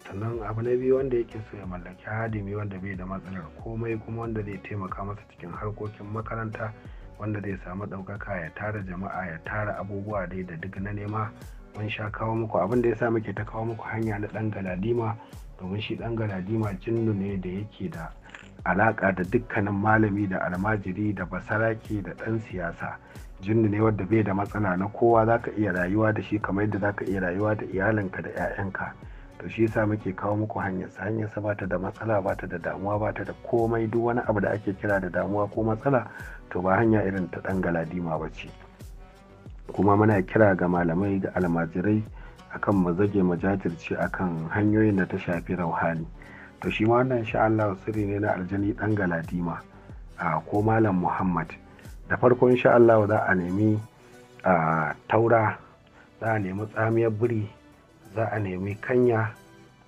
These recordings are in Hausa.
sannan abu na biyu wanda yake so ya mallaki hadimi wanda bai da matsalar komai kuma wanda zai taimaka masa cikin harkokin makaranta wanda zai samu ɗaukaka ya tara jama'a ya tara abubuwa dai da duk na nema mun sha kawo muku abin da ya sa muke ta kawo muku hanya na ɗan galadima domin shi ɗan galadima jinnu ne da yake da alaƙa da dukkanin malami da almajiri da basaraki da ɗan siyasa jinnu ne wadda bai da matsala na kowa zaka iya rayuwa da shi kamar yadda zaka iya rayuwa da iyalinka da 'ya'yanka to shi yasa muke kawo muku hanyar sa hanyar ba ta da matsala bata da damuwa ba da komai duk wani abu da ake kira da damuwa ko matsala to ba hanya irin ta ɗan galadima ba ce kuma muna kira ga malamai da almajirai akan mu zage mu jajirce akan hanyoyin da ta shafi rauhani to shi ma wannan insha Allah sirri ne na aljani dan galadima a ko malam Muhammad da farko insha Allah za a nemi a taura za a nemi tsamiyar biri za a nemi kanya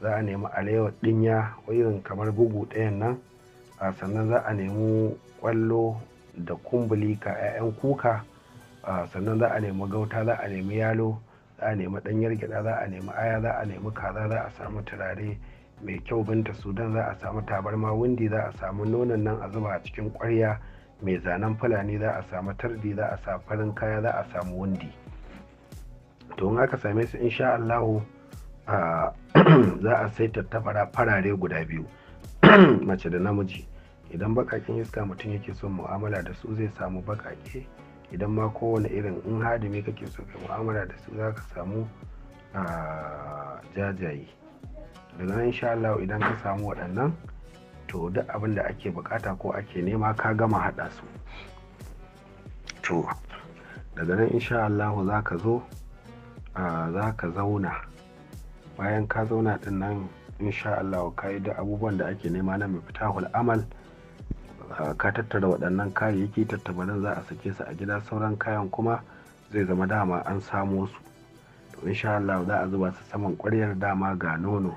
za a nemi alewa dinya irin kamar bugu ɗayan nan a sannan za a nemi kwallo da kumbuli ka 'ya'yan kuka sannan za a nemi gauta za a nemi yalo za a nemi ɗanyar gyaɗa za a nemi aya za a nemi kaza za a samu turare mai kyau binta sudan za a samu tabarma windi za a samu nonon nan a zuba a cikin ƙwarya mai zanen fulani za a samu tardi za a samu farin kaya za a samu wundi to in aka same su insha Allahu za a saita ta farare guda biyu mace da namiji idan bakakin iska mutum yake son mu'amala da su zai samu bakake idan ma kowane irin in hadimi kake so ka mu'amala da su za ka samu jajaye daga nan insha Allah idan ka samu waɗannan to duk abin da ake bukata ko ake nema ka gama haɗa su to daga nan insha Allah za ka zo za ka zauna bayan ka zauna din nan insha Allah ka yi da abubuwan da ake nema na mafitahul amal ah, ka tattara waɗannan kayayyaki tattabarin za a sake su a gida sauran kayan kuma zai zama dama an samo su to insha Allah za a zuba su saman ƙwaryar dama ga nono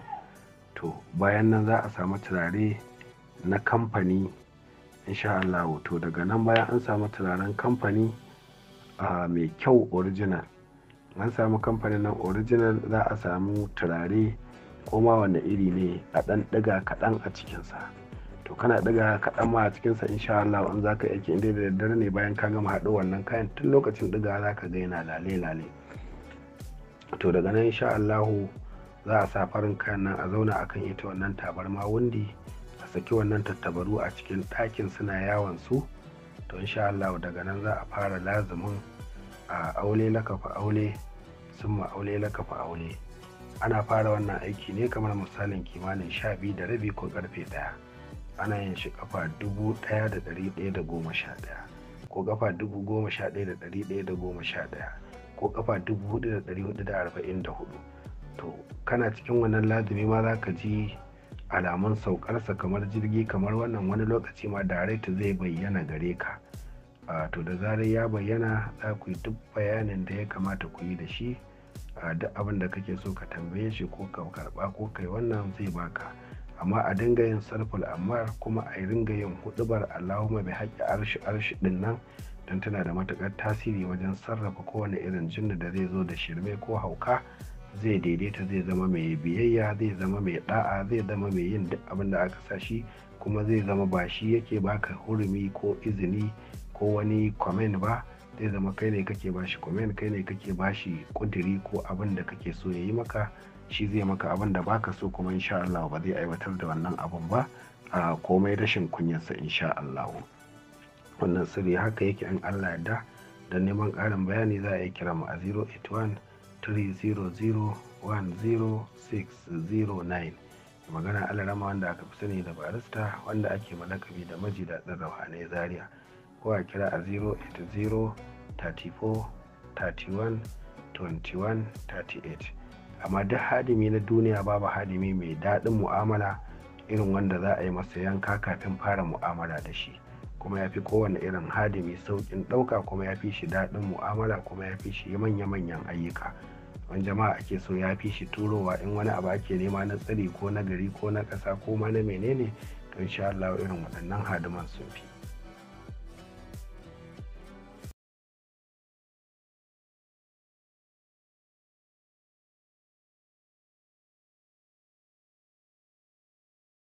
to bayan nan za a samu turare na kamfani insha Allah to daga nan bayan an samu turaren kamfani ah, mai kyau original an samu kamfanin nan original za a samu turare koma wanda iri ne a ɗan ɗiga kaɗan a cikinsa to kana ɗiga kaɗan ma a cikinsa insha Allah in za ka yake inda da daddare ne bayan ka gama haɗo wannan kayan tun lokacin ɗiga za ka ga yana lale lale to daga nan insha Allah za a sa farin kayan nan a zauna akan ita wannan tabarma wundi a saki wannan tattabaru a cikin ɗakin suna yawon su to insha Allah daga nan za a fara lazumin a aule laka fa aule sun ma'aule kafa aure ana fara wannan aiki ne kamar misalin kimanin sha biyu da rabi ko karfe daya ana yin shi kafa dubu ɗaya da dari daya da goma sha ɗaya ko kafa dubu goma sha ɗaya da dari daya da goma sha ɗaya ko kafa dubu hudu da dari hudu da arba'in da hudu to kana cikin wannan lazumi ma za ka ji alamun saukarsa kamar jirgi kamar wannan wani lokaci ma daraita zai bayyana gare ka to da zarar ya bayyana za ku yi duk bayanin da ya kamata ku yi da shi duk abin da kake so ka tambaye shi ko ka karba ko kai wannan zai baka amma a dinga yin sarful amar kuma a dinga yin hudubar allahumma mai haƙƙi arshi arshi din nan don tana da matuƙar tasiri wajen sarrafa kowane irin jinna da zai zo da shirme ko hauka zai daidaita zai zama mai biyayya zai zama mai da'a zai zama mai yin duk abin da aka sa shi kuma zai zama ba shi yake baka hurumi ko izini ko wani comment ba zai zama kai ne kake bashi comment kai ne kake bashi kudiri ko abin da kake so ya yi maka shi zai maka abin da baka so kuma insha Allah ba zai aiwatar da wannan abun ba a komai rashin kunyarsa insha Allah wannan sirri haka yake in Allah yarda da neman ƙarin bayani za a yi kira mu a 081 300 10609 magana alarama wanda aka fi sani da barista wanda ake malakabi da maji daɗin rauhanai zaria ko a kira a 08034312138 34 amma duk hadimi na duniya babu hadimi mai daɗin mu'amala irin wanda za a yi masa yanka kafin fara mu'amala da shi kuma ya fi kowane irin hadimi sauƙin ɗauka kuma ya fi shi daɗin mu'amala kuma ya fi shi manya-manyan ayyuka wani jama'a ake so ya fi shi turowa in wani abu ake nema na tsari ko na gari ko na ƙasa ko ma na menene to insha Allah irin waɗannan hadiman sun fi